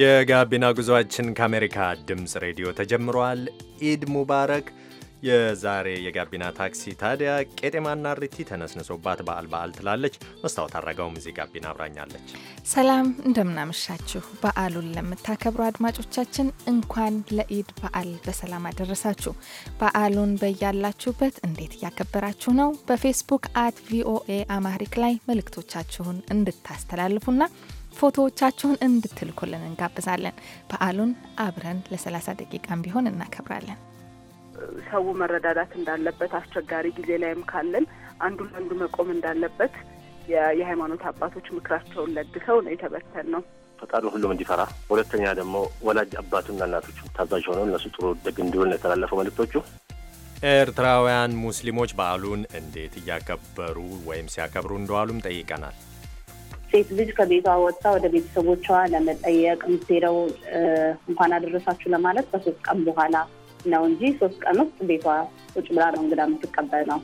የጋቢና ጉዞአችን ከአሜሪካ ድምፅ ሬዲዮ ተጀምሯል። ኢድ ሙባረክ። የዛሬ የጋቢና ታክሲ ታዲያ ቄጤማና ሪቲ ተነስንሶባት በዓል በዓል ትላለች። መስታወት አረጋውም እዚህ ጋቢና አብራኛለች። ሰላም እንደምናመሻችሁ። በዓሉን ለምታከብሩ አድማጮቻችን እንኳን ለኢድ በዓል በሰላም አደረሳችሁ። በዓሉን በያላችሁበት እንዴት እያከበራችሁ ነው? በፌስቡክ አት ቪኦኤ አማሪክ ላይ መልእክቶቻችሁን እንድታስተላልፉና ፎቶዎቻችሁን እንድትልኩልን እንጋብዛለን። በዓሉን አብረን ለ30 ደቂቃም ቢሆን እናከብራለን። ሰው መረዳዳት እንዳለበት አስቸጋሪ ጊዜ ላይም ካለን አንዱ ለአንዱ መቆም እንዳለበት የሃይማኖት አባቶች ምክራቸውን ለግሰው ነው የተበተን ነው ፈጣሪ ሁሉም እንዲፈራ። ሁለተኛ ደግሞ ወላጅ አባቱና እናቶቹ ታዛዥ ሆነው እነሱ ጥሩ ደግ እንዲሆን የተላለፈው መልእክቶቹ። ኤርትራውያን ሙስሊሞች በዓሉን እንዴት እያከበሩ ወይም ሲያከብሩ እንደዋሉም ጠይቀናል። ሴት ልጅ ከቤቷ ወጥታ ወደ ቤተሰቦቿ ለመጠየቅ የምትሄደው እንኳን አደረሳችሁ ለማለት ከሶስት ቀን በኋላ ነው እንጂ ሶስት ቀን ውስጥ ቤቷ ቁጭ ብላ ነው እንግዳ የምትቀበል ነው።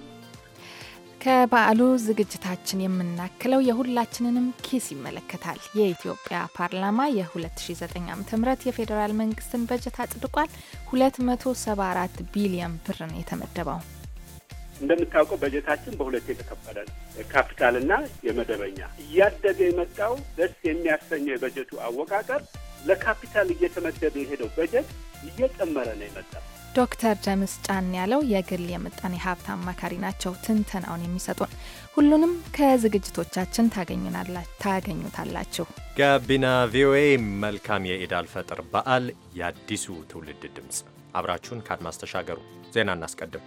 ከበዓሉ ዝግጅታችን የምናክለው የሁላችንንም ኪስ ይመለከታል። የኢትዮጵያ ፓርላማ የ2009 ዓ ም የፌዴራል መንግስትን በጀት አጽድቋል። 274 ቢሊዮን ብር ነው የተመደበው። እንደምታውቀው በጀታችን በሁለት የተከፈለ የካፒታልና የመደበኛ እያደገ የመጣው ደስ የሚያሰኘው የበጀቱ አወቃቀር ለካፒታል እየተመደበ የሄደው በጀት እየጨመረ ነው የመጣው። ዶክተር ጀምስ ጫን ያለው የግል የምጣኔ ሀብት አማካሪ ናቸው ትንተናውን የሚሰጡን። ሁሉንም ከዝግጅቶቻችን ታገኙታላችሁ። ጋቢና ቪኦኤ። መልካም የኢድ አልፈጥር በዓል የአዲሱ ትውልድ ድምፅ። አብራችሁን ከአድማስ ተሻገሩ። ዜና እናስቀድም።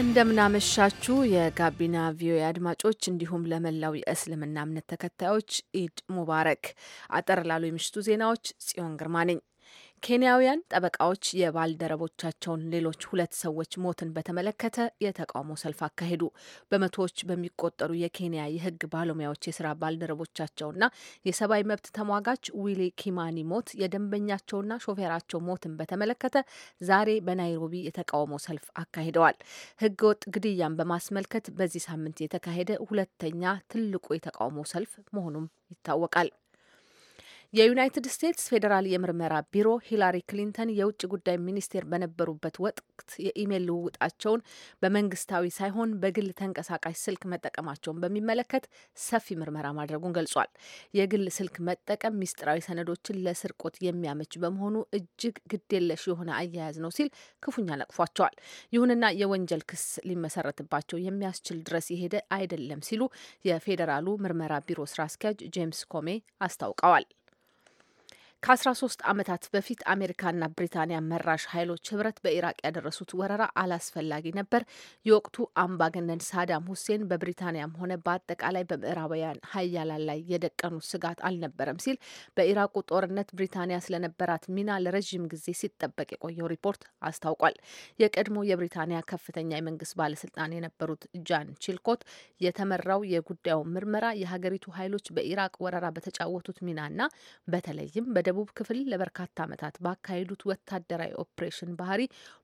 እንደምናመሻችሁ የጋቢና ቪኦኤ አድማጮች እንዲሁም ለመላው የእስልምና እምነት ተከታዮች ኢድ ሙባረክ። አጠር ላሉ የምሽቱ ዜናዎች ጽዮን ግርማ ነኝ። ኬንያውያን ጠበቃዎች የባልደረቦቻቸውን ሌሎች ሁለት ሰዎች ሞትን በተመለከተ የተቃውሞ ሰልፍ አካሄዱ። በመቶዎች በሚቆጠሩ የኬንያ የሕግ ባለሙያዎች የስራ ባልደረቦቻቸውና የሰብአዊ መብት ተሟጋች ዊሊ ኪማኒ ሞት፣ የደንበኛቸውና ሾፌራቸው ሞትን በተመለከተ ዛሬ በናይሮቢ የተቃውሞ ሰልፍ አካሂደዋል። ወጥ ግድያን በማስመልከት በዚህ ሳምንት የተካሄደ ሁለተኛ ትልቁ የተቃውሞ ሰልፍ መሆኑም ይታወቃል። የዩናይትድ ስቴትስ ፌዴራል የምርመራ ቢሮ ሂላሪ ክሊንተን የውጭ ጉዳይ ሚኒስቴር በነበሩበት ወቅት የኢሜይል ልውውጣቸውን በመንግስታዊ ሳይሆን በግል ተንቀሳቃሽ ስልክ መጠቀማቸውን በሚመለከት ሰፊ ምርመራ ማድረጉን ገልጿል። የግል ስልክ መጠቀም ሚስጥራዊ ሰነዶችን ለስርቆት የሚያመች በመሆኑ እጅግ ግዴለሽ የሆነ አያያዝ ነው ሲል ክፉኛ ነቅፏቸዋል። ይሁንና የወንጀል ክስ ሊመሰረትባቸው የሚያስችል ድረስ የሄደ አይደለም ሲሉ የፌዴራሉ ምርመራ ቢሮ ስራ አስኪያጅ ጄምስ ኮሜ አስታውቀዋል። ከ13 ዓመታት በፊት አሜሪካና ብሪታንያ መራሽ ኃይሎች ህብረት በኢራቅ ያደረሱት ወረራ አላስፈላጊ ነበር፣ የወቅቱ አምባገነን ሳዳም ሁሴን በብሪታንያም ሆነ በአጠቃላይ በምዕራባውያን ሀያላን ላይ የደቀኑ ስጋት አልነበረም ሲል በኢራቁ ጦርነት ብሪታንያ ስለነበራት ሚና ለረዥም ጊዜ ሲጠበቅ የቆየው ሪፖርት አስታውቋል። የቀድሞ የብሪታንያ ከፍተኛ የመንግስት ባለስልጣን የነበሩት ጃን ቺልኮት የተመራው የጉዳዩ ምርመራ የሀገሪቱ ኃይሎች በኢራቅ ወረራ በተጫወቱት ሚናና በተለይም በደ በደቡብ ክፍል ለበርካታ ዓመታት ባካሄዱት ወታደራዊ ኦፕሬሽን ባህሪ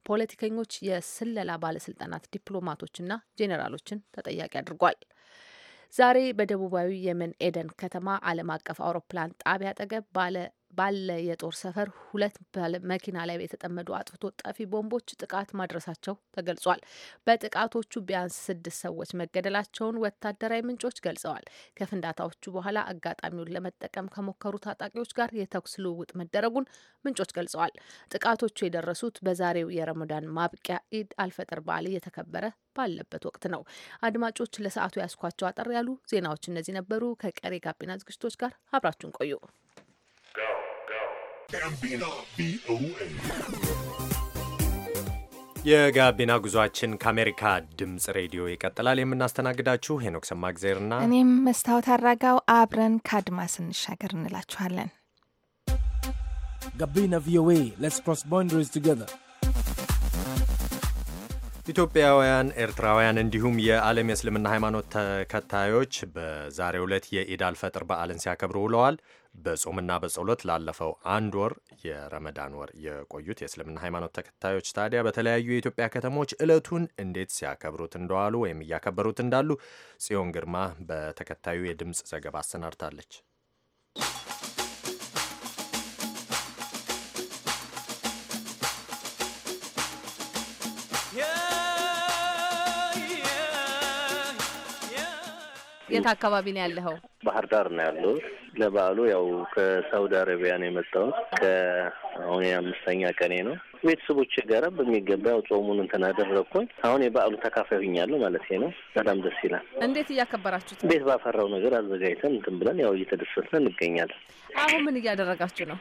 ፖለቲከኞች፣ የስለላ ባለስልጣናት፣ ዲፕሎማቶችና ጄኔራሎችን ተጠያቂ አድርጓል። ዛሬ በደቡባዊ የመን ኤደን ከተማ ዓለም አቀፍ አውሮፕላን ጣቢያ አጠገብ ባለ ባለ የጦር ሰፈር ሁለት መኪና ላይ የተጠመዱ አጥፍቶ ጠፊ ቦምቦች ጥቃት ማድረሳቸው ተገልጿል። በጥቃቶቹ ቢያንስ ስድስት ሰዎች መገደላቸውን ወታደራዊ ምንጮች ገልጸዋል። ከፍንዳታዎቹ በኋላ አጋጣሚውን ለመጠቀም ከሞከሩ ታጣቂዎች ጋር የተኩስ ልውውጥ መደረጉን ምንጮች ገልጸዋል። ጥቃቶቹ የደረሱት በዛሬው የረመዳን ማብቂያ ኢድ አልፈጥር በዓል እየተከበረ ባለበት ወቅት ነው። አድማጮች ለሰዓቱ ያስኳቸው አጠር ያሉ ዜናዎች እነዚህ ነበሩ። ከቀሪ ጋቢና ዝግጅቶች ጋር አብራችሁን ቆዩ። ጋቢና ቪኦኤ የጋቢና ጉዟችን ከአሜሪካ ድምጽ ሬዲዮ ይቀጥላል። የምናስተናግዳችሁ ሄኖክ ሰማግዜርና እኔም መስታወት አራጋው አብረን ከአድማስ እንሻገር እንላችኋለን። ጋቢና ቪኦኤ ሌትስ ክሮስ ቦንደሪስ ቱጌዘር ኢትዮጵያውያን፣ ኤርትራውያን እንዲሁም የዓለም የእስልምና ሃይማኖት ተከታዮች በዛሬው ዕለት የኢድ አልፈጥር በዓልን ሲያከብሩ ውለዋል። በጾምና በጸሎት ላለፈው አንድ ወር የረመዳን ወር የቆዩት የእስልምና ሃይማኖት ተከታዮች ታዲያ በተለያዩ የኢትዮጵያ ከተሞች እለቱን እንዴት ሲያከብሩት እንደዋሉ ወይም እያከበሩት እንዳሉ ጽዮን ግርማ በተከታዩ የድምፅ ዘገባ አሰናድታለች። የት አካባቢ ነው ያለኸው? ባህር ዳር ነው ያለሁት። ለበዓሉ ያው ከሳውዲ አረቢያ ነው የመጣሁት። ከአሁን የአምስተኛ ቀኔ ነው። ቤተሰቦች ጋር በሚገባ ያው ጾሙን እንትን አደረግኩኝ። አሁን የበዓሉ ተካፋይ ሆኛለሁ ማለት ነው። በጣም ደስ ይላል። እንዴት እያከበራችሁት? ቤት ባፈራው ነገር አዘጋጅተን እንትን ብለን ያው እየተደሰትን እንገኛለን። አሁን ምን እያደረጋችሁ ነው?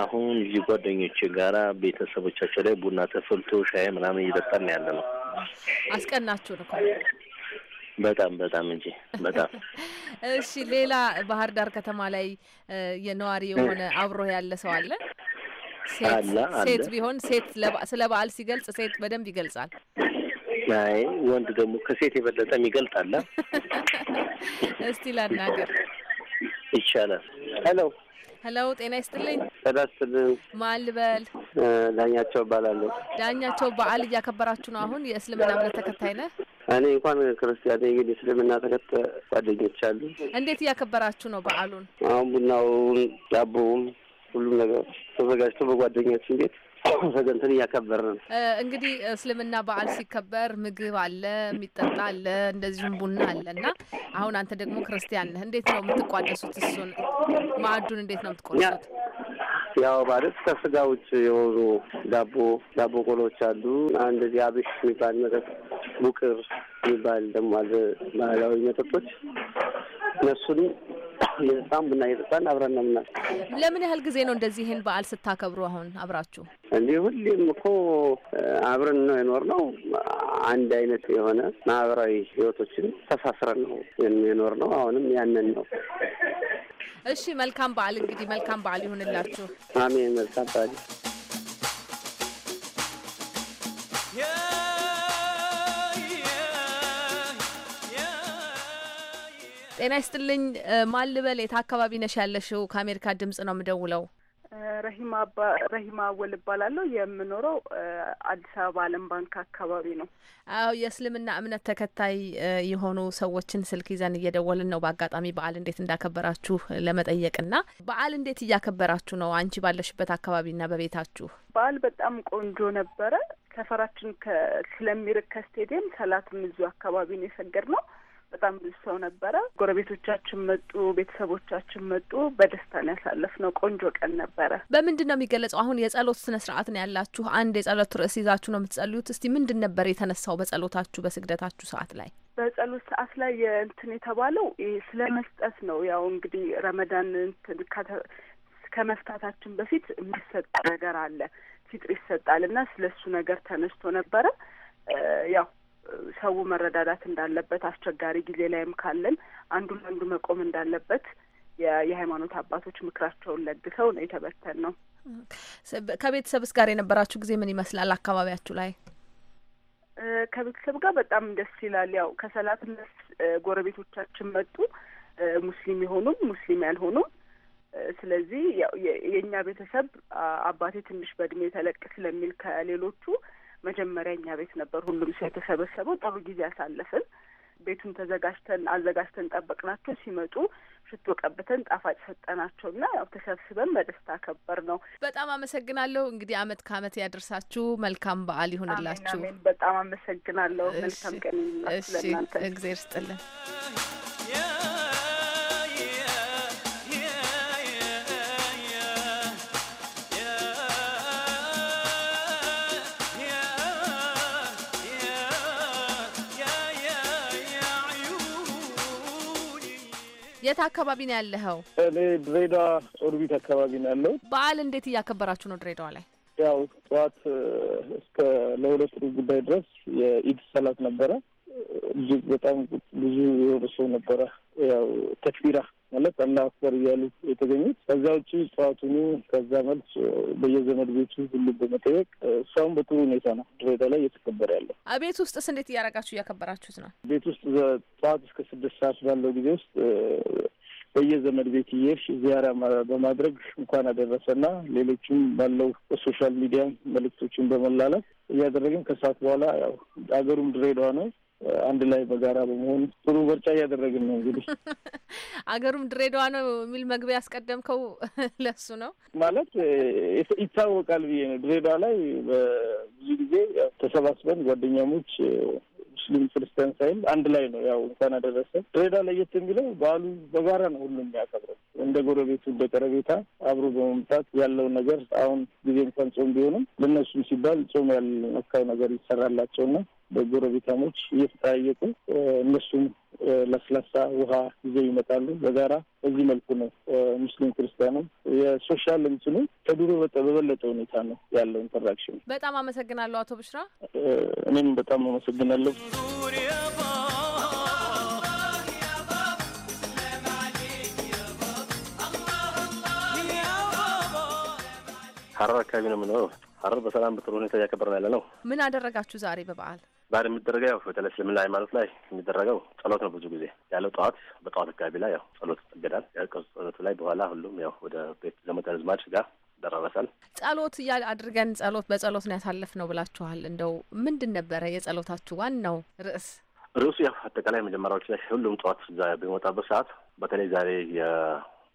አሁን እዚህ ጓደኞቼ ጋራ ቤተሰቦቻቸው ላይ ቡና ተፈልቶ ሻይ ምናምን እየጠጣን ያለ ነው። አስቀናችሁ ነው በጣም በጣም እንጂ በጣም እሺ። ሌላ ባህር ዳር ከተማ ላይ የነዋሪ የሆነ አብሮ ያለ ሰው አለ? ሴት ቢሆን ሴት ስለ በዓል ሲገልጽ ሴት በደንብ ይገልጻል። አይ ወንድ ደግሞ ከሴት የበለጠም የሚገልጥ እስቲ ላናገር ይቻላል። ሄሎ ሄሎ፣ ጤና ይስጥልኝ። ጤና ይስጥልኝ። ማን ልበል? ዳኛቸው እባላለሁ። ዳኛቸው በዓል እያከበራችሁ ነው አሁን? የእስልምና እምነት ተከታይ ነህ? እኔ እንኳን ክርስቲያን ግን እስልምና ተከተ ጓደኞች አሉ። እንዴት እያከበራችሁ ነው በዓሉን? አሁን ቡናውን፣ ዳቦውን ሁሉም ነገር ተዘጋጅቶ በጓደኞች እንዴት ሰገንትን እያከበር ነው። እንግዲህ እስልምና በዓል ሲከበር ምግብ አለ፣ የሚጠጣ አለ፣ እንደዚሁም ቡና አለ እና አሁን አንተ ደግሞ ክርስቲያን ነህ። እንዴት ነው የምትቋደሱት? እሱን ማዕዱን እንዴት ነው የምትቆሱት? ያው ማለት ከስጋ ውጭ የሆኑ ዳቦ ዳቦ ቆሎች አሉ። እንደዚህ አብሽ የሚባል መጠጥ ቡቅር የሚባል ደግሞ አለ ባህላዊ መጠጦች እነሱን የጣም ቡና እየጠጣን አብረን ነው ምናል። ለምን ያህል ጊዜ ነው እንደዚህ ይህን በዓል ስታከብሩ አሁን አብራችሁ? እንዲህ ሁሌም እኮ አብረን ነው የኖር ነው አንድ አይነት የሆነ ማህበራዊ ህይወቶችን ተሳስረን ነው የኖር ነው አሁንም ያንን ነው። እሺ፣ መልካም በዓል እንግዲህ መልካም በዓል ይሁንላችሁ። አሜን። መልካም በዓል ጤና ይስጥልኝ። ማልበል ልበል? የት አካባቢ ነሽ ያለሽው? ከአሜሪካ ድምጽ ነው የምደውለው። ረሂማ ረሂማ አወል እባላለሁ። የምኖረው አዲስ አበባ አለም ባንክ አካባቢ ነው። አዎ የእስልምና እምነት ተከታይ የሆኑ ሰዎችን ስልክ ይዘን እየደወልን ነው። በአጋጣሚ በዓል እንዴት እንዳከበራችሁ ለመጠየቅና በአል እንዴት እያከበራችሁ ነው አንቺ ባለሽበት አካባቢና በቤታችሁ? በዓል በጣም ቆንጆ ነበረ። ሰፈራችን ስለሚርቅ ከስቴዲየም ሰላትም እዚሁ አካባቢ ነው የሰገድ ነው በጣም ብዙ ሰው ነበረ። ጎረቤቶቻችን መጡ፣ ቤተሰቦቻችን መጡ። በደስታን ያሳለፍነው ቆንጆ ቀን ነበረ። በምንድን ነው የሚገለጸው? አሁን የጸሎት ስነ ስርዓት ነው ያላችሁ። አንድ የጸሎት ርዕስ ይዛችሁ ነው የምትጸልዩት። እስቲ ምንድን ነበር የተነሳው በጸሎታችሁ በስግደታችሁ ሰዓት ላይ? በጸሎት ሰዓት ላይ የእንትን የተባለው ስለ መስጠት ነው። ያው እንግዲህ ረመዳን ከመፍታታችን በፊት የሚሰጥ ነገር አለ፣ ፊጥር ይሰጣል እና ስለ እሱ ነገር ተነስቶ ነበረ ያው ሰው መረዳዳት እንዳለበት አስቸጋሪ ጊዜ ላይም ካለን አንዱ ለአንዱ መቆም እንዳለበት የሃይማኖት አባቶች ምክራቸውን ለግሰው ነው የተበተን ነው። ከቤተሰብስ ጋር የነበራችሁ ጊዜ ምን ይመስላል? አካባቢያችሁ ላይ ከቤተሰብ ጋር በጣም ደስ ይላል። ያው ከሰላት መልስ ጎረቤቶቻችን መጡ፣ ሙስሊም የሆኑም ሙስሊም ያልሆኑም። ስለዚህ የእኛ ቤተሰብ አባቴ ትንሽ በእድሜ ተለቅ ስለሚል ከሌሎቹ መጀመሪያ እኛ ቤት ነበር ሁሉም ሰው የተሰበሰበው። ጥሩ ጊዜ አሳለፍን። ቤቱን ተዘጋጅተን አዘጋጅተን ጠበቅናቸው። ሲመጡ ሽቶ ቀብተን ጣፋጭ ሰጠናቸው እና ያው ተሰብስበን በደስታ ከበር ነው። በጣም አመሰግናለሁ። እንግዲህ አመት ከአመት ያደርሳችሁ። መልካም በዓል ይሁንላችሁ። በጣም አመሰግናለሁ። መልካም ቀን ለእናንተ። እግዜር ስጥልን። የት አካባቢ ነው ያለኸው? እኔ ድሬዳዋ ኦርቢት አካባቢ ነው ያለው። በዓል እንዴት እያከበራችሁ ነው ድሬዳዋ ላይ? ያው ጠዋት እስከ ለሁለት ሩብ ጉዳይ ድረስ የኢድ ሰላት ነበረ። እጅግ በጣም ብዙ የሆነ ሰው ነበረ። ያው ተክቢራ ማለት አላህ አክበር እያሉ የተገኙት። ከዛ ውጭ ጠዋቱኑ ከዛ መልስ በየዘመድ ቤቱ ሁሉ በመጠየቅ እሷም በጥሩ ሁኔታ ነው ድሬዳ ላይ እየተከበረ ያለው። ቤት ስ እንዴት እያደረጋችሁ እያከበራችሁት ነው? ቤት ውስጥ ጠዋት እስከ ስድስት ሰዓት ባለው ጊዜ ውስጥ በየዘመድ ቤት እየሄድሽ ዚያራ በማድረግ እንኳን አደረሰና ሌሎችም ባለው በሶሻል ሚዲያ መልእክቶችን በመላላት እያደረግን ከሰዓት በኋላ ያው አገሩም ድሬዳዋ ነው አንድ ላይ በጋራ በመሆን ጥሩ ምርጫ እያደረግን ነው። እንግዲህ አገሩም ድሬዳዋ ነው የሚል መግቢያ ያስቀደምከው ለሱ ነው ማለት ይታወቃል ብዬ ነው። ድሬዳዋ ላይ በብዙ ጊዜ ተሰባስበን ጓደኛሞች ሙስሊም ክርስቲያን ሳይል አንድ ላይ ነው። ያው እንኳን አደረሰ። ድሬዳዋ ለየት የሚለው በዓሉ በጋራ ነው ሁሉም የሚያከብረው እንደ ጎረቤቱ እንደ ቀረቤታ አብሮ በመምጣት ያለው ነገር አሁን ጊዜ እንኳን ጾም ቢሆንም ለእነሱም ሲባል ጾም ያልነካው ነገር ይሰራላቸውና በጎረቤታሞች እየተጠያየቁ እነሱም ለስላሳ ውሃ ይዘው ይመጣሉ በጋራ በዚህ መልኩ ነው ሙስሊም ክርስቲያኑም የሶሻል እንትኑ ከድሮ በበለጠ ሁኔታ ነው ያለው ኢንተራክሽን። በጣም አመሰግናለሁ አቶ ብሽራ። እኔም በጣም አመሰግናለሁ። ሀረር አካባቢ ነው የምኖረው። አረ በሰላም በጥሩ ሁኔታ እያከበርን ያለ ነው። ምን አደረጋችሁ ዛሬ በበዓል? ዛሬ የሚደረገው ያው በተለይ እስልምና ሃይማኖት ላይ የሚደረገው ጸሎት ነው። ብዙ ጊዜ ያለው ጠዋት በጠዋት አካባቢ ላይ ያው ጸሎት ይጠገዳል። ያቀሱ ጸሎቱ ላይ በኋላ ሁሉም ያው ወደ ቤት ዘመድ አዝማድ ጋር ይደራረሳል። ጸሎት እያል አድርገን ጸሎት በጸሎት ነው ነው ብላችኋል። እንደው ምንድን ነበረ የጸሎታችሁ ዋናው ርዕስ? ርዕሱ ያው አጠቃላይ መጀመሪያዎች ላይ ሁሉም ጠዋት ቢመጣበት ሰዓት በተለይ ዛሬ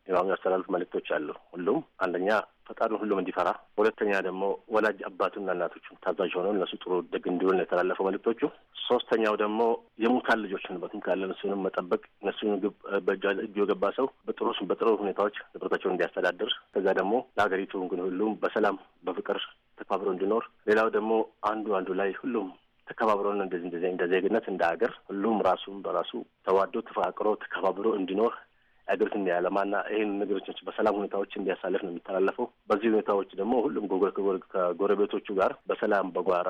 የማሚ ያስተላልፍ መልእክቶች አሉ። ሁሉም አንደኛ ፈጣሪ ሁሉም እንዲፈራ፣ ሁለተኛ ደግሞ ወላጅ አባቱና እናቶቹ ታዛዥ ሆነው እነሱ ጥሩ ደግ እንዲሆን የተላለፈው መልእክቶቹ። ሶስተኛው ደግሞ የሙታን ልጆች ንበትም ካለ እነሱንም መጠበቅ እነሱን በእጁ የገባ ሰው በጥሩ በጥሩ ሁኔታዎች ንብረታቸውን እንዲያስተዳድር፣ ከዛ ደግሞ ለሀገሪቱ ግን ሁሉም በሰላም በፍቅር ተከባብሮ እንዲኖር። ሌላው ደግሞ አንዱ አንዱ ላይ ሁሉም ተከባብሮን እንደዚህ እንደ ዜግነት እንደ ሀገር ሁሉም ራሱም በራሱ ተዋዶ ተፋቅሮ ተከባብሮ እንዲኖር የሀገሪቱን የዓላማና ይህን ነገሮች በሰላም ሁኔታዎች እንዲያሳልፍ ነው የሚተላለፈው። በዚህ ሁኔታዎች ደግሞ ሁሉም ከጎረቤቶቹ ጋር በሰላም በጓራ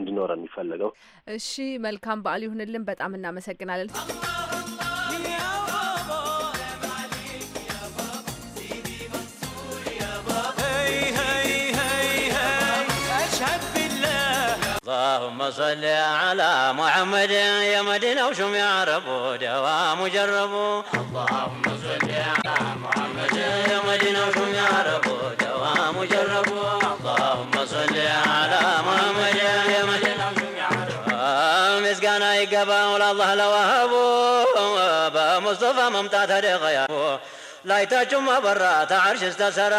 እንዲኖረ የሚፈለገው። እሺ፣ መልካም በዓል ይሁንልን። በጣም እናመሰግናለን። اللهم صل على محمد يا مدينة وشم يا رب دوام جرب اللهم صل على محمد يا مدينة وشم يا رب دوام جرب اللهم صل على محمد يا مدينة وشم يا رب مسكنا يقبا ولا الله لوهبوا مصطفى ممتاز هدي لا يتجمع برات عرش استسرى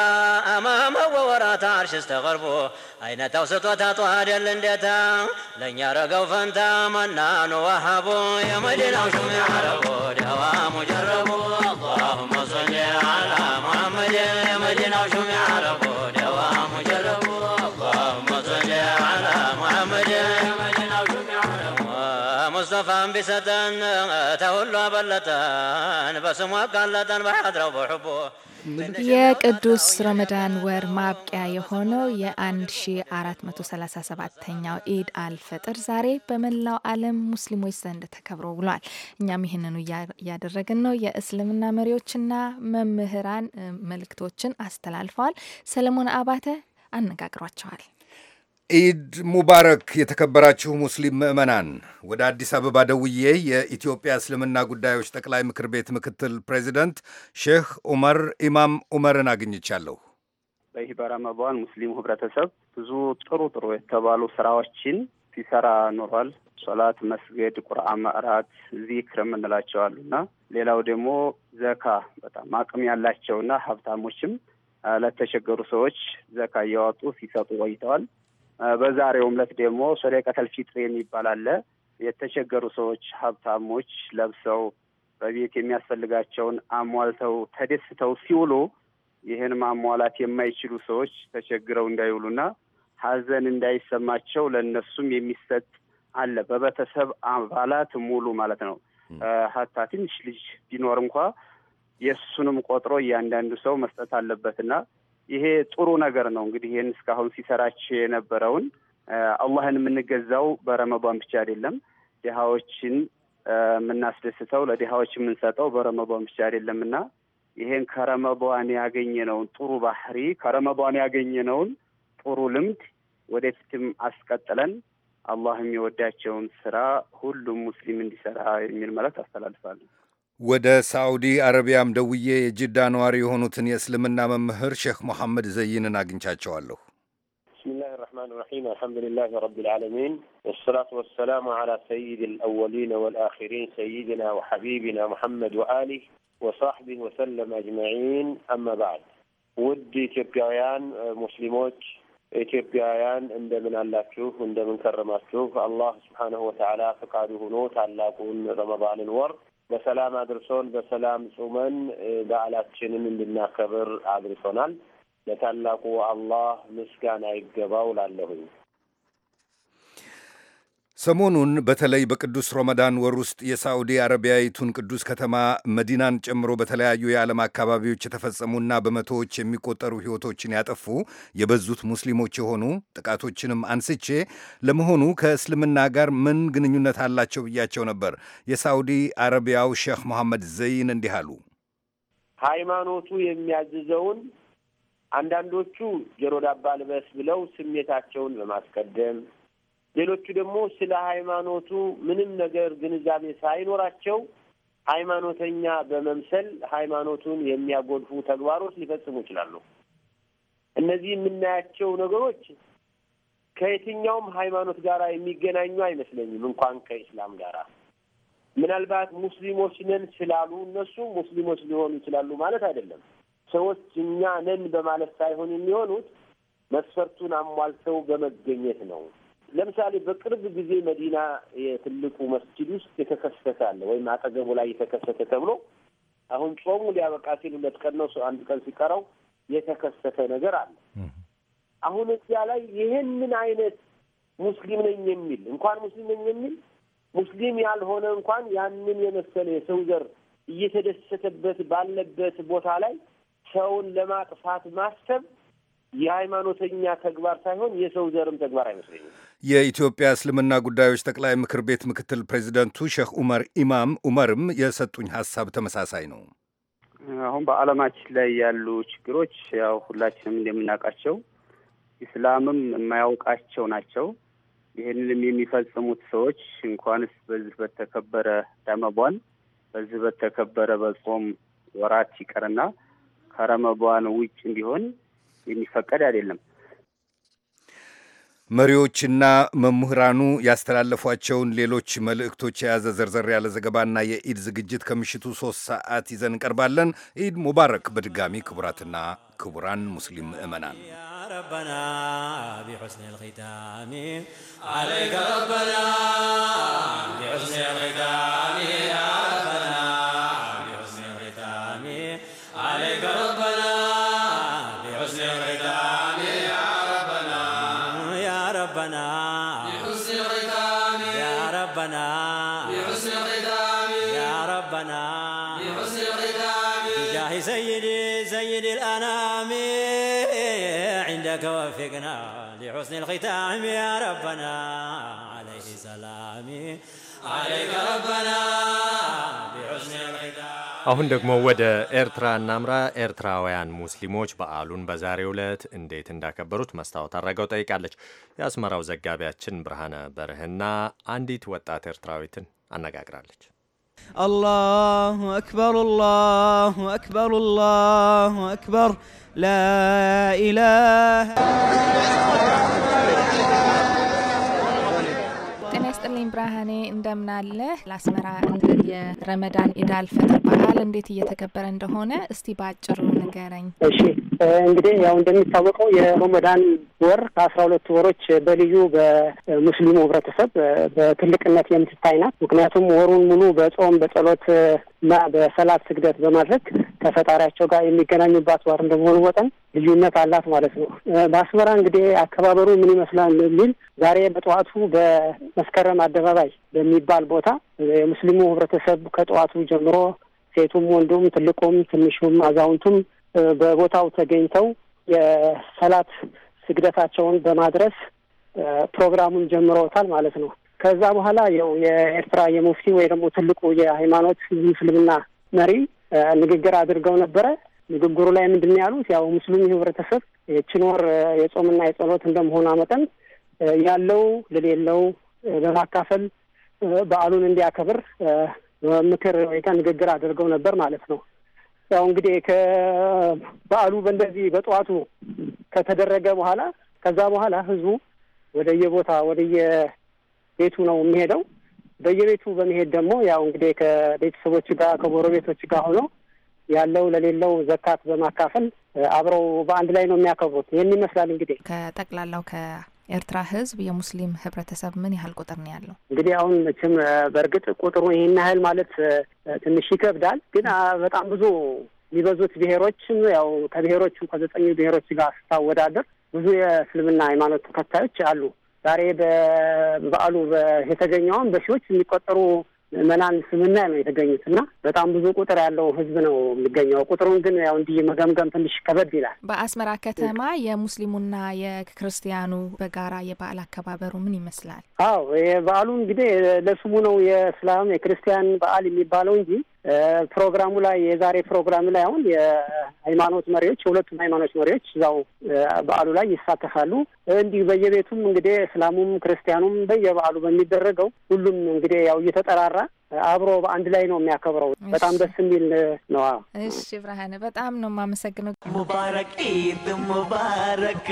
أمام وورات عرش استغربو أين توسط وتطهد اللندتا لن يرقوا فانتا منان وهبوا يا مدينة شمع يعرفوا دوام جربو اللهم صل على محمد يا مدينة شمع يعرفوا دوام جربوا اللهم صل على محمد مصطفى بسدن የቅዱስ ረመዳን ወር ማብቂያ የሆነው የ1437ኛው ኢድ አልፈጥር ዛሬ በመላው ዓለም ሙስሊሞች ዘንድ ተከብሮ ብሏል። እኛም ይህንኑ እያደረግን ነው። የእስልምና መሪዎችና መምህራን መልእክቶችን አስተላልፈዋል። ሰለሞን አባተ አነጋግሯቸዋል። ኢድ ሙባረክ የተከበራችሁ ሙስሊም ምዕመናን። ወደ አዲስ አበባ ደውዬ የኢትዮጵያ እስልምና ጉዳዮች ጠቅላይ ምክር ቤት ምክትል ፕሬዚደንት ሼህ ዑመር ኢማም ዑመርን አግኝቻለሁ። በይህ በረመቧን ሙስሊሙ ህብረተሰብ ብዙ ጥሩ ጥሩ የተባሉ ስራዎችን ሲሰራ ኖሯል። ሶላት፣ መስገድ፣ ቁርአን መዕራት፣ ዚክር የምንላቸው አሉና ሌላው ደግሞ ዘካ በጣም አቅም ያላቸውና ሀብታሞችም ለተቸገሩ ሰዎች ዘካ እያወጡ ሲሰጡ ቆይተዋል። በዛሬው ዕለት ደግሞ ሶደቀተል ፊጥር የሚባል አለ። የተቸገሩ ሰዎች ሀብታሞች ለብሰው በቤት የሚያስፈልጋቸውን አሟልተው ተደስተው ሲውሉ ይህን ማሟላት የማይችሉ ሰዎች ተቸግረው እንዳይውሉና ሀዘን እንዳይሰማቸው ለእነሱም የሚሰጥ አለ። በቤተሰብ አባላት ሙሉ ማለት ነው። ሀታ ትንሽ ልጅ ቢኖር እንኳ የእሱንም ቆጥሮ እያንዳንዱ ሰው መስጠት አለበትና ይሄ ጥሩ ነገር ነው። እንግዲህ ይህን እስካሁን ሲሰራች የነበረውን አላህን የምንገዛው በረመቧን ብቻ አይደለም። ድሃዎችን የምናስደስተው ለድሃዎች የምንሰጠው በረመቧን ብቻ አይደለም እና ይሄን ከረመቧን ያገኘነውን ጥሩ ባህሪ ከረመቧን ያገኘነውን ጥሩ ልምድ ወደፊትም አስቀጥለን አላህ የሚወዳቸውን ስራ ሁሉም ሙስሊም እንዲሰራ የሚል መልእክት አስተላልፋለሁ። ወደ ሳዑዲ አረቢያም ደውዬ የጅዳ ነዋሪ የሆኑትን የእስልምና መምህር ሼክ መሐመድ ዘይንን አግኝቻቸዋለሁ። ብስሚላህ ራሕማን ራሒም አልሐምዱሊላህ ረብልዓለሚን ወሰላቱ ወሰላሙ ዓላ ሰይድ ልአወሊን ወልአኪሪን ሰይድና ወሐቢብና ሙሐመድ ወአሊህ ወሳሕቢህ ወሰለም አጅማዒን አማ ባዕድ ውድ ኢትዮጵያውያን ሙስሊሞች ኢትዮጵያውያን እንደምን አላችሁ? እንደምን ከረማችሁ? አላህ ስብሓነሁ ወተዓላ ፈቃዱ ሆኖ ታላቁን ረመዳንን ወር በሰላም አድርሶን በሰላም ጹመን በዓላችንን እንድናከብር አድርሶናል። ለታላቁ አላህ ምስጋና ይገባው ላለሁኝ ሰሞኑን በተለይ በቅዱስ ሮመዳን ወር ውስጥ የሳዑዲ አረቢያዊቱን ቅዱስ ከተማ መዲናን ጨምሮ በተለያዩ የዓለም አካባቢዎች የተፈጸሙና በመቶዎች የሚቆጠሩ ሕይወቶችን ያጠፉ የበዙት ሙስሊሞች የሆኑ ጥቃቶችንም አንስቼ ለመሆኑ ከእስልምና ጋር ምን ግንኙነት አላቸው ብያቸው ነበር። የሳዑዲ አረቢያው ሼክ መሐመድ ዘይን እንዲህ አሉ። ሃይማኖቱ የሚያዝዘውን አንዳንዶቹ ጆሮ ዳባ ልበስ ብለው ስሜታቸውን በማስቀደም ሌሎቹ ደግሞ ስለ ሃይማኖቱ ምንም ነገር ግንዛቤ ሳይኖራቸው ሃይማኖተኛ በመምሰል ሃይማኖቱን የሚያጎድፉ ተግባሮች ሊፈጽሙ ይችላሉ። እነዚህ የምናያቸው ነገሮች ከየትኛውም ሃይማኖት ጋር የሚገናኙ አይመስለኝም፣ እንኳን ከኢስላም ጋር። ምናልባት ሙስሊሞች ነን ስላሉ እነሱ ሙስሊሞች ሊሆኑ ይችላሉ ማለት አይደለም። ሰዎች እኛ ነን በማለት ሳይሆን የሚሆኑት መስፈርቱን አሟልተው በመገኘት ነው። ለምሳሌ በቅርብ ጊዜ መዲና የትልቁ መስጂድ ውስጥ የተከሰተ አለ ወይም አጠገቡ ላይ የተከሰተ ተብሎ አሁን ጾሙ ሊያበቃ ሲል ሁለት ቀን ነው አንድ ቀን ሲቀረው የተከሰተ ነገር አለ። አሁን እዚያ ላይ ይህንን አይነት ሙስሊም ነኝ የሚል እንኳን ሙስሊም ነኝ የሚል ሙስሊም ያልሆነ እንኳን ያንን የመሰለ የሰው ዘር እየተደሰተበት ባለበት ቦታ ላይ ሰውን ለማጥፋት ማሰብ የሃይማኖተኛ ተግባር ሳይሆን የሰው ዘርም ተግባር አይመስለኝም። የኢትዮጵያ እስልምና ጉዳዮች ጠቅላይ ምክር ቤት ምክትል ፕሬዚደንቱ ሼህ ኡመር ኢማም ኡመርም የሰጡኝ ሀሳብ ተመሳሳይ ነው። አሁን በዓለማችን ላይ ያሉ ችግሮች ያው ሁላችንም እንደምናውቃቸው ኢስላምም የማያውቃቸው ናቸው። ይህንንም የሚፈጽሙት ሰዎች እንኳንስ በዚህ በተከበረ ረመቧን በዚህ በተከበረ በጾም ወራት ይቀርና ከረመቧን ውጭ እንዲሆን የሚፈቀድ አይደለም። መሪዎችና መምህራኑ ያስተላለፏቸውን ሌሎች መልእክቶች የያዘ ዘርዘር ያለ ዘገባና የኢድ ዝግጅት ከምሽቱ ሶስት ሰዓት ይዘን እንቀርባለን። ኢድ ሙባረክ። በድጋሚ ክቡራትና ክቡራን ሙስሊም ምዕመናን عليك ربنا بحسن الختام الختام يا ربنا عليه سلامي عليك ربنا بحسن الختام አሁን ደግሞ ወደ ኤርትራ እናምራ። ኤርትራውያን ሙስሊሞች በዓሉን በዛሬው ዕለት እንዴት እንዳከበሩት መስታወት አድረገው ጠይቃለች። የአስመራው ዘጋቢያችን ብርሃነ በርህና አንዲት ወጣት ኤርትራዊትን አነጋግራለች። الله أكبر الله أكبر الله أكبر لا إله ጤና ይስጥልኝ ብርሃኔ እንደምን አለህ? ለአስመራ የረመዳን ኢዳል ፈጥር በዓል እንዴት እየተከበረ እንደሆነ እስቲ በአጭሩ ንገረኝ። እሺ እንግዲህ ያው እንደሚታወቀው የሮመዳን ወር ከአስራ ሁለት ወሮች በልዩ በሙስሊሙ ህብረተሰብ በትልቅነት የምትታይ ናት። ምክንያቱም ወሩን ሙሉ በጾም በጸሎት እና በሰላት ስግደት በማድረግ ከፈጣሪያቸው ጋር የሚገናኙባት ወር እንደመሆኑ መጠን ልዩነት አላት ማለት ነው። በአስመራ እንግዲህ አከባበሩ ምን ይመስላል የሚል ዛሬ በጠዋቱ በመስከረም አደባባይ በሚባል ቦታ የሙስሊሙ ህብረተሰብ ከጠዋቱ ጀምሮ ሴቱም፣ ወንዱም፣ ትልቁም፣ ትንሹም፣ አዛውንቱም በቦታው ተገኝተው የሰላት ስግደታቸውን በማድረስ ፕሮግራሙን ጀምረውታል ማለት ነው። ከዛ በኋላ ያው የኤርትራ የሙፍቲ ወይ ደግሞ ትልቁ የሃይማኖት ሙስልምና መሪ ንግግር አድርገው ነበረ። ንግግሩ ላይ ምንድን ነው ያሉት? ያው ሙስሊም ህብረተሰብ የችኖር የጾምና የጸሎት እንደመሆኗ መጠን ያለው ለሌለው በማካፈል በዓሉን እንዲያከብር ምክር ወይ ንግግር አድርገው ነበር ማለት ነው። ያው እንግዲህ ከበዓሉ በእንደዚህ በጠዋቱ ከተደረገ በኋላ ከዛ በኋላ ህዝቡ ወደየቦታ ወደየቤቱ ነው የሚሄደው። በየቤቱ በመሄድ ደግሞ ያው እንግዲህ ከቤተሰቦች ጋር ከጎረቤቶች ጋር ሆኖ ያለው ለሌለው ዘካት በማካፈል አብረው በአንድ ላይ ነው የሚያከብሩት። ይህን ይመስላል እንግዲህ ከጠቅላላው ከ የኤርትራ ህዝብ የሙስሊም ህብረተሰብ ምን ያህል ቁጥር ነው ያለው? እንግዲህ አሁን መቼም በእርግጥ ቁጥሩ ይህን ያህል ማለት ትንሽ ይከብዳል። ግን በጣም ብዙ የሚበዙት ብሔሮችም ያው ከብሔሮችም ከዘጠኝ ብሔሮች ጋር ስታወዳደር ብዙ የእስልምና ሃይማኖት ተከታዮች አሉ። ዛሬ በበዓሉ የተገኘውን በሺዎች የሚቆጠሩ ምዕመናን ስምና ነው የተገኙት እና በጣም ብዙ ቁጥር ያለው ህዝብ ነው የሚገኘው። ቁጥሩን ግን ያው እንዲህ መገምገም ትንሽ ከበድ ይላል። በአስመራ ከተማ የሙስሊሙና የክርስቲያኑ በጋራ የበዓል አከባበሩ ምን ይመስላል? አዎ የበዓሉ እንግዲህ ለስሙ ነው የእስላም የክርስቲያን በዓል የሚባለው እንጂ ፕሮግራሙ ላይ የዛሬ ፕሮግራም ላይ አሁን የሃይማኖት መሪዎች የሁለቱም ሃይማኖት መሪዎች እዛው በዓሉ ላይ ይሳተፋሉ። እንዲህ በየቤቱም እንግዲህ እስላሙም ክርስቲያኑም በየበዓሉ በሚደረገው ሁሉም እንግዲህ ያው እየተጠራራ አብሮ በአንድ ላይ ነው የሚያከብረው። በጣም ደስ የሚል ነው። እሺ ብርሃን፣ በጣም ነው የማመሰግነው። ሙባረክ ኢድ ሙባረክ፣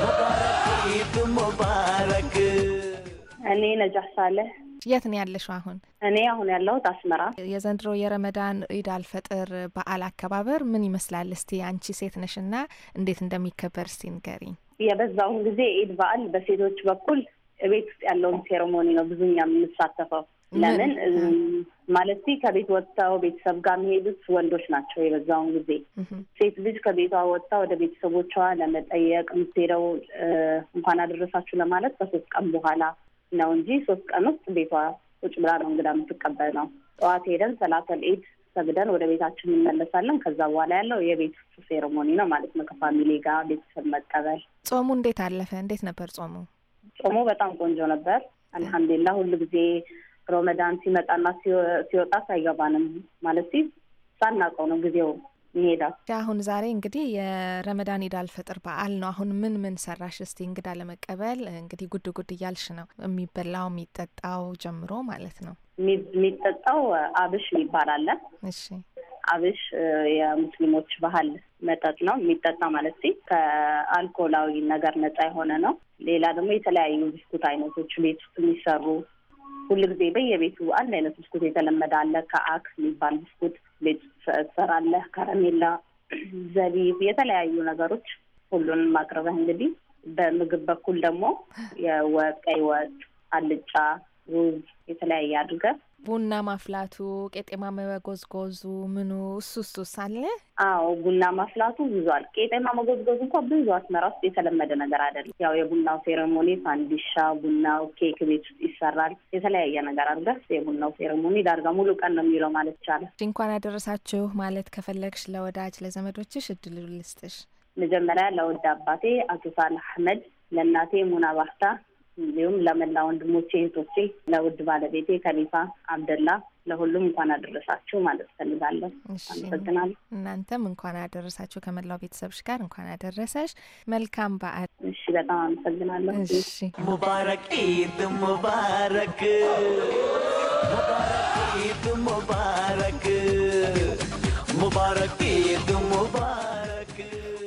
ሙባረክ ኢድ ሙባረክ። እኔ ነጃህ ሳለህ የት ነው ያለሽው አሁን? እኔ አሁን ያለሁት አስመራ። የዘንድሮ የረመዳን ኢድ አልፈጥር በዓል አከባበር ምን ይመስላል? እስቲ አንቺ ሴት ነሽና እንዴት እንደሚከበር እስቲ ንገሪኝ። የበዛውን ጊዜ ኢድ በዓል በሴቶች በኩል ቤት ውስጥ ያለውን ሴሬሞኒ ነው ብዙኛ የምንሳተፈው። ለምን ማለት ከቤት ወጥተው ቤተሰብ ጋር የሚሄዱት ወንዶች ናቸው። የበዛውን ጊዜ ሴት ልጅ ከቤቷ ወጥታ ወደ ቤተሰቦቿ ለመጠየቅ የምትሄደው እንኳን አደረሳችሁ ለማለት ከሶስት ቀን በኋላ ነው እንጂ ሶስት ቀን ውስጥ ቤቷ ቁጭ ብላ ነው እንግዳ የምትቀበል ነው። ጠዋት ሄደን ሰላተል ኢድ ሰግደን ወደ ቤታችን እንመለሳለን። ከዛ በኋላ ያለው የቤት ውስጥ ሴሬሞኒ ነው ማለት ነው። ከፋሚሊ ጋር ቤተሰብ መቀበል። ጾሙ እንዴት አለፈ? እንዴት ነበር ጾሙ? ጾሙ በጣም ቆንጆ ነበር። አልሐምዱሊላ ሁሉ ጊዜ ሮመዳን ሲመጣና ሲወጣ አይገባንም ማለት ሳናውቀው ነው ጊዜው ይሄዳል። አሁን ዛሬ እንግዲህ የረመዳን ኢድ አልፈጥር በዓል ነው። አሁን ምን ምን ሰራሽ? እስቲ እንግዳ ለመቀበል እንግዲህ ጉድ ጉድ እያልሽ ነው። የሚበላው የሚጠጣው ጀምሮ ማለት ነው። የሚጠጣው አብሽ የሚባል እሺ አብሽ የሙስሊሞች ባህል መጠጥ ነው። የሚጠጣ ማለት ሲ ከአልኮላዊ ነገር ነጻ የሆነ ነው። ሌላ ደግሞ የተለያዩ ብስኩት አይነቶች ቤት ውስጥ የሚሰሩ ሁልጊዜ በየቤቱ አንድ አይነት ብስኩት የተለመደ አለ። ከአክ የሚባል ብስኩት ቤት ትሰራለህ። ከረሜላ፣ ዘቢብ፣ የተለያዩ ነገሮች ሁሉንም አቅርበህ እንግዲህ በምግብ በኩል ደግሞ የወጥ፣ ቀይ ወጥ፣ አልጫ፣ ሩዝ የተለያየ አድርገህ ቡና ማፍላቱ፣ ቄጤማ መጎዝጎዙ ምኑ እሱ እሱስ አለ? አዎ ቡና ማፍላቱ ብዙ ቄጤማ መጎዝጎዙ እንኳ ብዙ አስመራ ውስጥ የተለመደ ነገር አይደለም። ያው የቡናው ሴሬሞኒ ፋንዲሻ፣ ቡናው ኬክ ቤት ውስጥ ይሰራል። የተለያየ ነገር አድርገስ የቡናው ሴሬሞኒ ዳርጋ ሙሉ ቀን ነው የሚለው ማለት ይቻላል። እንኳን አደረሳችሁ ማለት ከፈለግሽ ለወዳጅ ለዘመዶችሽ እድሉ ልስጥሽ። መጀመሪያ ለወድ አባቴ አቶ ሳል አህመድ፣ ለእናቴ ሙና ባህታ እንዲሁም ለመላ ወንድሞቼ፣ እህቶቼ፣ ለውድ ባለቤቴ ከሊፋ አብደላ ለሁሉም እንኳን አደረሳችሁ ማለት ፈልጋለሁ። አመሰግናለሁ። እናንተም እንኳን አደረሳችሁ ከመላው ቤተሰብሽ ጋር እንኳን አደረሰሽ። መልካም በዓል። እሺ፣ በጣም አመሰግናለሁ። እሺ፣ ሙባረክ ኢድ ሙባረክ፣ ሙባረክ ኢድ ሙባረክ፣ ሙባረክ ኢድ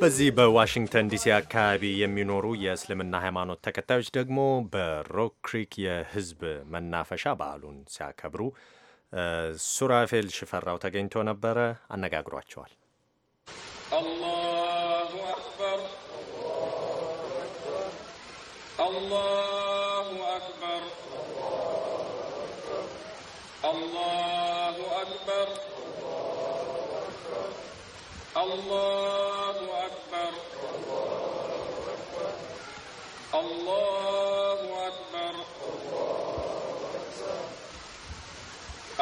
በዚህ በዋሽንግተን ዲሲ አካባቢ የሚኖሩ የእስልምና ሃይማኖት ተከታዮች ደግሞ በሮክ ክሪክ የህዝብ መናፈሻ በዓሉን ሲያከብሩ ሱራፌል ሽፈራው ተገኝቶ ነበረ፣ አነጋግሯቸዋል። አላሁ አክበር አላሁ አክበር አላሁ አክበር الله أكبر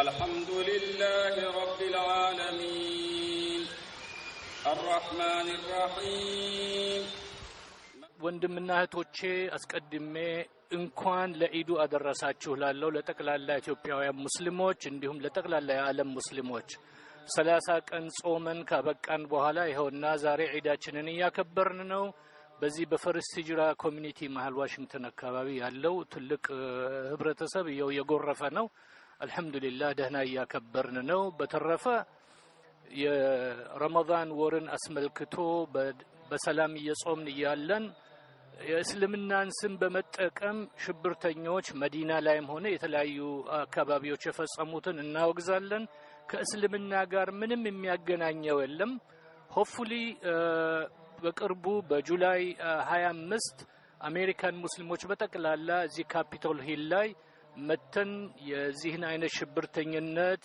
الحمد لله رب العالمين الرحمن الرحيم ወንድምና እህቶቼ አስቀድሜ እንኳን ለኢዱ አደረሳችሁ ላለው ለጠቅላላ ኢትዮጵያውያን ሙስሊሞች እንዲሁም ለጠቅላላ የዓለም ሙስሊሞች ሰላሳ ቀን ጾመን ካበቃን በኋላ ይኸውና ዛሬ ዒዳችንን እያከበርን ነው። በዚህ በፈረስቲጅራ ሂጅራ ኮሚኒቲ መሀል ዋሽንግተን አካባቢ ያለው ትልቅ ህብረተሰብ ው የጎረፈ ነው። አልሐምዱሊላህ ደህና እያከበርን ነው። በተረፈ የረመዳን ወርን አስመልክቶ በሰላም እየጾምን እያለን የእስልምናን ስም በመጠቀም ሽብርተኞች መዲና ላይም ሆነ የተለያዩ አካባቢዎች የፈጸሙትን እናወግዛለን። ከእስልምና ጋር ምንም የሚያገናኘው የለም። ሆፕፉሊ በቅርቡ በጁላይ 25 አሜሪካን ሙስሊሞች በጠቅላላ እዚህ ካፒቶል ሂል ላይ መተን የዚህን አይነት ሽብርተኝነት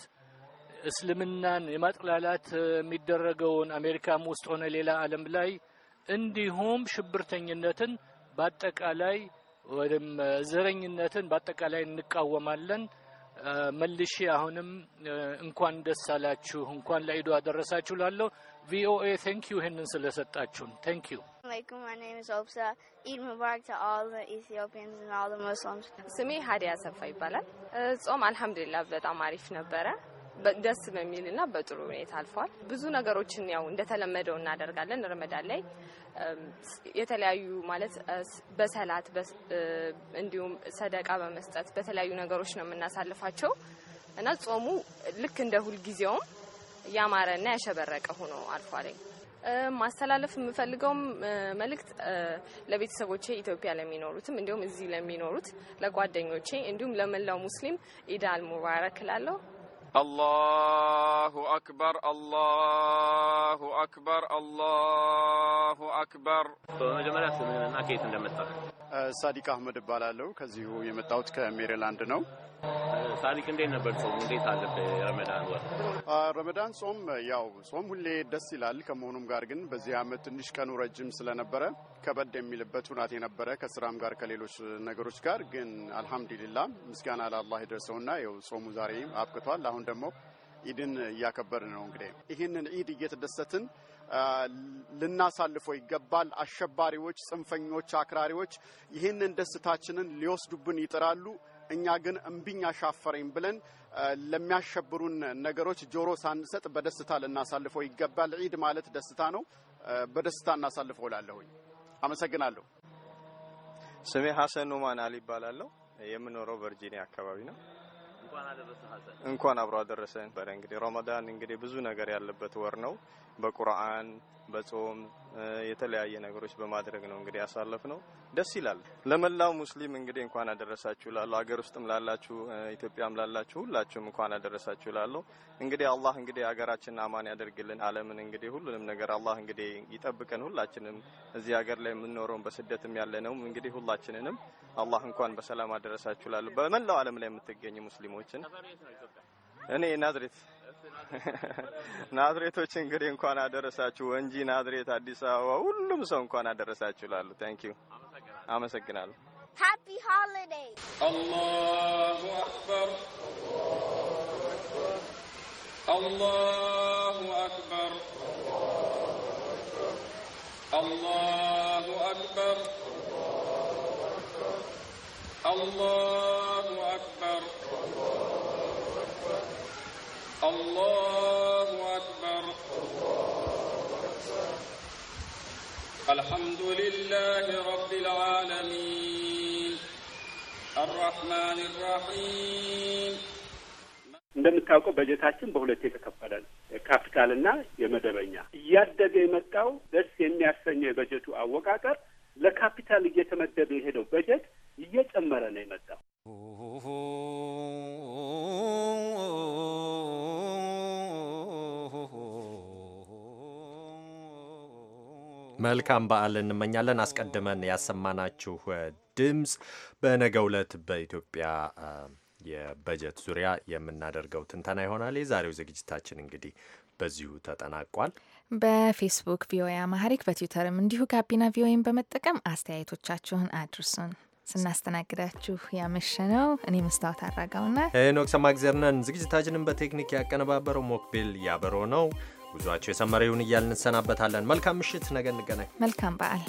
እስልምናን የማጥላላት የሚደረገውን አሜሪካም ውስጥ ሆነ ሌላ ዓለም ላይ እንዲሁም ሽብርተኝነትን በአጠቃላይ ወይም ዘረኝነትን በአጠቃላይ እንቃወማለን። መልሺ አሁንም እንኳን ደስ አላችሁ እንኳን ለኢዱ አደረሳችሁ ላለው ቪኦኤ ቴንክ ዩ ይህንን ስለሰጣችሁን ቴንክ ዩ። ስሜ ሀዲያ ሰፋ ይባላል። ጾም አልሐምዱሊላ በጣም አሪፍ ነበረ። ደስ በሚልና በጥሩ ሁኔታ አልፏል። ብዙ ነገሮችን ያው እንደተለመደው እናደርጋለን። ረመዳን ላይ የተለያዩ ማለት በሰላት እንዲሁም ሰደቃ በመስጠት በተለያዩ ነገሮች ነው የምናሳልፋቸው እና ጾሙ ልክ እንደ ሁልጊዜውም ያማረና ያሸበረቀ ሆኖ አልፏለኝ። ማስተላለፍ የምፈልገውም መልእክት ለቤተሰቦቼ ኢትዮጵያ ለሚኖሩትም እንዲሁም እዚህ ለሚኖሩት ለጓደኞቼ እንዲሁም ለመላው ሙስሊም ኢድ አል ሙባረክ እላለሁ። الله أكبر الله أكبر الله أكبر በመጀመሪያ ስምህንና ከየት እንደመጣ ሳዲቅ አህመድ እባላለሁ። ከዚሁ የመጣሁት ከሜሪላንድ ነው። ሳዲቅ እንዴት ነበር ጾሙ? እንዴት አለፈ ረመዳን ወር? ረመዳን ጾም ያው ጾም ሁሌ ደስ ይላል። ከመሆኑም ጋር ግን በዚህ አመት ትንሽ ቀኑ ረጅም ስለነበረ ከበድ የሚልበት ሁናቴ ነበረ፣ ከስራም ጋር ከሌሎች ነገሮች ጋር ግን አልሐምዱሊላ ምስጋና ለአላህ ይድረሰውና ይኸው ጾሙ ዛሬ አብቅቷል። አሁን ደግሞ ኢድን እያከበርን ነው። እንግዲህ ይህንን ኢድ እየተደሰትን ልናሳልፈው ይገባል። አሸባሪዎች፣ ጽንፈኞች፣ አክራሪዎች ይህንን ደስታችንን ሊወስዱብን ይጥራሉ። እኛ ግን እምቢኝ አሻፈረኝ ብለን ለሚያሸብሩን ነገሮች ጆሮ ሳንሰጥ በደስታ ልናሳልፈው ይገባል። ዒድ ማለት ደስታ ነው። በደስታ እናሳልፈው ላለሁኝ አመሰግናለሁ። ስሜ ሀሰን ኑማን አል ይባላለሁ። የምኖረው ቨርጂኒያ አካባቢ ነው። እንኳን አብሮ አደረሰን። በረ እንግዲህ ረመዳን እንግዲህ ብዙ ነገር ያለበት ወር ነው። በቁርአን በጾም የተለያየ ነገሮች በማድረግ ነው እንግዲህ ያሳለፍ ነው። ደስ ይላል። ለመላው ሙስሊም እንግዲህ እንኳን አደረሳችሁ ላለው አገር ውስጥም ላላችሁ ኢትዮጵያም ላላችሁ ሁላችሁም እንኳን አደረሳችሁ ላለው እንግዲህ አላህ እንግዲህ ሀገራችንን አማን ያደርግልን። ዓለምን እንግዲህ ሁሉንም ነገር አላህ እንግዲህ ይጠብቀን። ሁላችንም እዚህ ሀገር ላይ የምንኖረው በስደትም ያለ ነው እንግዲህ ሁላችንንም አላህ እንኳን በሰላም አደረሳችሁ ላለው በመላው ዓለም ላይ የምትገኙ ሙስሊሞችን እኔ ናዝሬት ናዝሬቶች እንግዲህ እንኳን አደረሳችሁ። ወንጂ፣ ናዝሬት፣ አዲስ አበባ ሁሉም ሰው እንኳን አደረሳችሁ ላሉ ታንኪዩ፣ አመሰግናለሁ። ሃፒ ሆሊዴይ። አላሁ አክበር አላሁ አክበር አላሁ አክበር አላሁ الله أكبر الحمد لله رب العالمين الرحمن الرحيم እንደምታውቀው በጀታችን በሁለት የተከፈለ ነው። ካፒታልና የመደበኛ እያደገ የመጣው ደስ የሚያሰኘው የበጀቱ አወቃቀር ለካፒታል እየተመደበ የሄደው በጀት እየጨመረ ነው የመጣው። መልካም በዓል እንመኛለን። አስቀድመን ያሰማናችሁ ድምፅ በነገው ዕለት በኢትዮጵያ የበጀት ዙሪያ የምናደርገው ትንተና ይሆናል። የዛሬው ዝግጅታችን እንግዲህ በዚሁ ተጠናቋል። በፌስቡክ ቪኦኤ አማህሪክ በትዊተርም እንዲሁ ጋቢና ቪኦኤን በመጠቀም አስተያየቶቻችሁን አድርሱን። ስናስተናግዳችሁ ያመሸ ነው። እኔ መስታወት አድራጋውና ሄኖክ ሰማግዘርነን። ዝግጅታችንን በቴክኒክ ያቀነባበረው ሞክቤል ያበሮ ነው። ብዙቸው የሰመረ ይሁን እያልን እንሰናበታለን። መልካም ምሽት፣ ነገ እንገናኝ። መልካም በዓል።